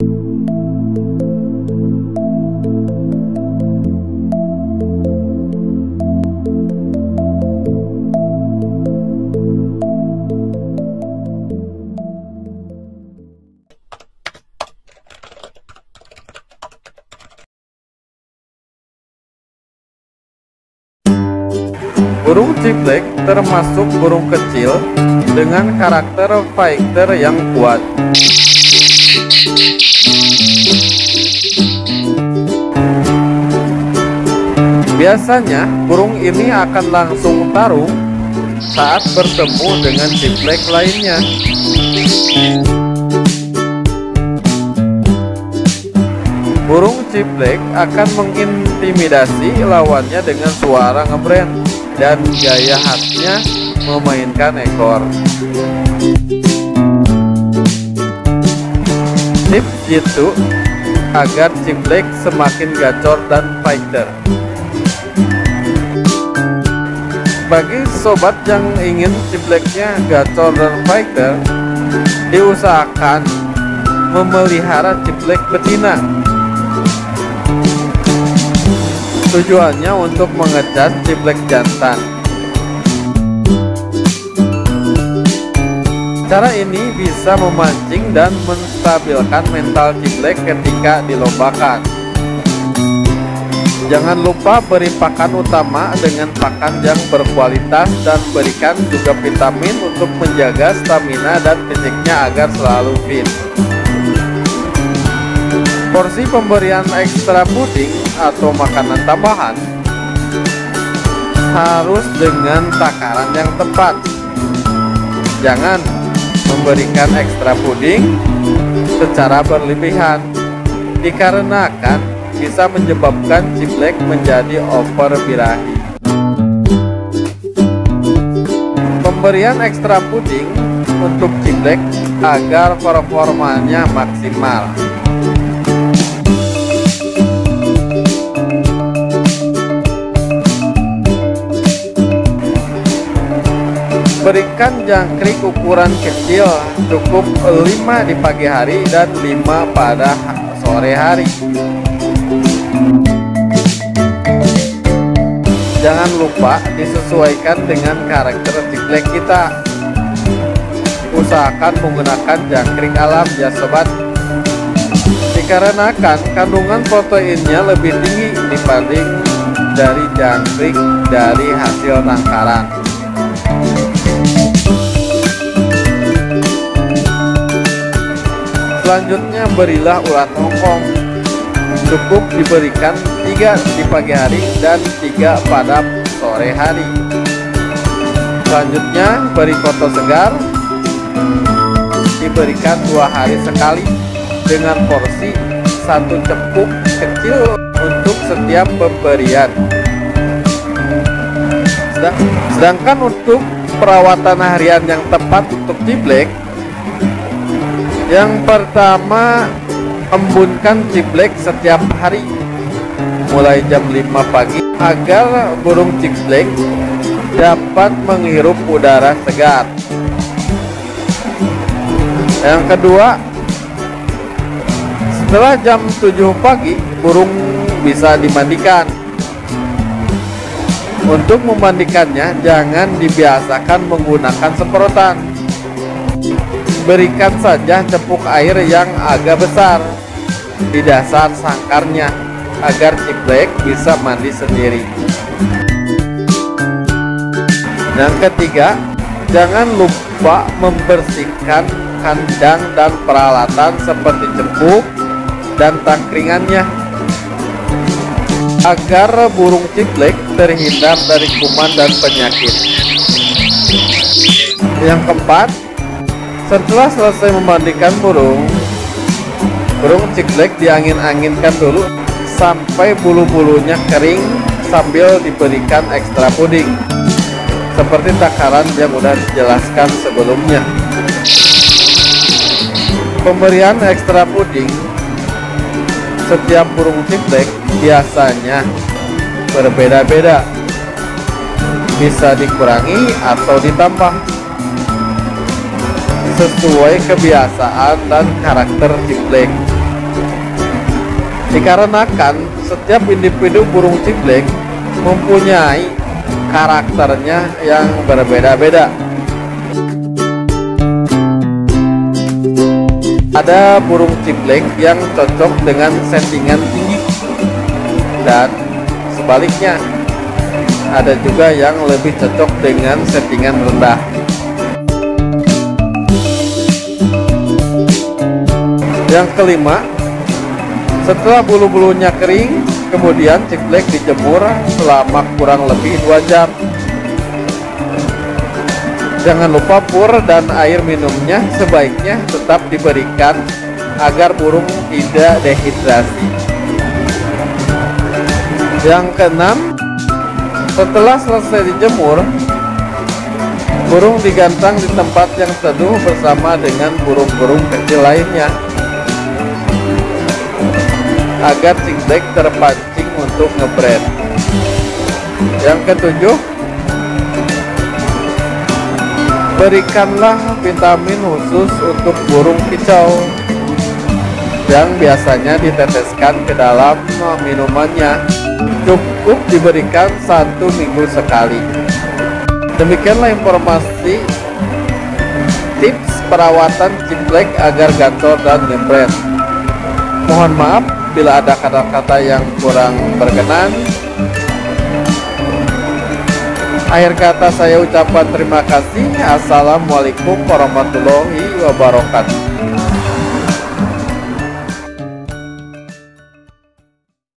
Thank you Burung ciblek termasuk burung kecil dengan karakter fighter yang kuat. Biasanya burung ini akan langsung tarung saat bertemu dengan ciblek lainnya. Burung ciblek akan mengintimidasi lawannya dengan suara ngebrand dan gaya khasnya memainkan ekor. Tips itu agar Cimblek semakin gacor dan fighter. Bagi sobat yang ingin Cimbleknya gacor dan fighter, diusahakan memelihara Cimblek betina Tujuannya untuk mengecat ciblek jantan. Cara ini bisa memancing dan menstabilkan mental ciblek ketika dilombakan. Jangan lupa beri pakan utama dengan pakan yang berkualitas dan berikan juga vitamin untuk menjaga stamina dan fisiknya agar selalu fit. Porsi pemberian ekstra puding atau makanan tambahan harus dengan takaran yang tepat. Jangan memberikan ekstra puding secara berlebihan dikarenakan bisa menyebabkan ciblek menjadi over birahi. Pemberian ekstra puding untuk ciblek agar performanya maksimal. Berikan jangkrik ukuran kecil cukup 5 di pagi hari dan 5 pada sore hari. Jangan lupa disesuaikan dengan karakter ciblek kita. Usahakan menggunakan jangkrik alam ya sobat. Dikarenakan kandungan proteinnya lebih tinggi dibanding dari jangkrik dari hasil tangkaran. Selanjutnya berilah ulat hongkong. Cukup diberikan tiga di pagi hari dan tiga pada sore hari. Selanjutnya beri foto segar diberikan dua hari sekali dengan porsi satu cepuk kecil untuk setiap pemberian. Sedangkan untuk perawatan harian yang tepat untuk di Ciblek yang pertama embunkan ciblek setiap hari mulai jam 5 pagi agar burung ciblek dapat menghirup udara segar. Yang kedua, setelah jam 7 pagi burung bisa dimandikan. Untuk memandikannya jangan dibiasakan menggunakan semprotan. Berikan saja cepuk air yang agak besar di dasar sangkarnya agar ciblek bisa mandi sendiri. Dan ketiga, jangan lupa membersihkan kandang dan peralatan seperti cepuk dan tangkringannya agar burung ciblek terhindar dari kuman dan penyakit. Yang keempat, setelah selesai memandikan burung, burung ciklek diangin-anginkan dulu sampai bulu-bulunya kering sambil diberikan ekstra puding. Seperti takaran yang sudah dijelaskan sebelumnya. Pemberian ekstra puding setiap burung ciklek biasanya berbeda-beda bisa dikurangi atau ditambah sesuai kebiasaan dan karakter ciblek. Dikarenakan setiap individu burung ciblek mempunyai karakternya yang berbeda-beda. Ada burung ciblek yang cocok dengan settingan tinggi dan sebaliknya ada juga yang lebih cocok dengan settingan rendah. Yang kelima, setelah bulu-bulunya kering, kemudian ciplek dijemur selama kurang lebih 2 jam. Jangan lupa pur dan air minumnya sebaiknya tetap diberikan agar burung tidak dehidrasi. Yang keenam, setelah selesai dijemur, burung digantang di tempat yang teduh bersama dengan burung-burung kecil lainnya agar Singtek terpancing untuk ngebrand. Yang ketujuh, berikanlah vitamin khusus untuk burung kicau yang biasanya diteteskan ke dalam minumannya cukup diberikan satu minggu sekali demikianlah informasi tips perawatan ciplek agar gantor dan ngebrand. mohon maaf bila ada kata-kata yang kurang berkenan. Akhir kata saya ucapkan terima kasih. Assalamualaikum warahmatullahi wabarakatuh.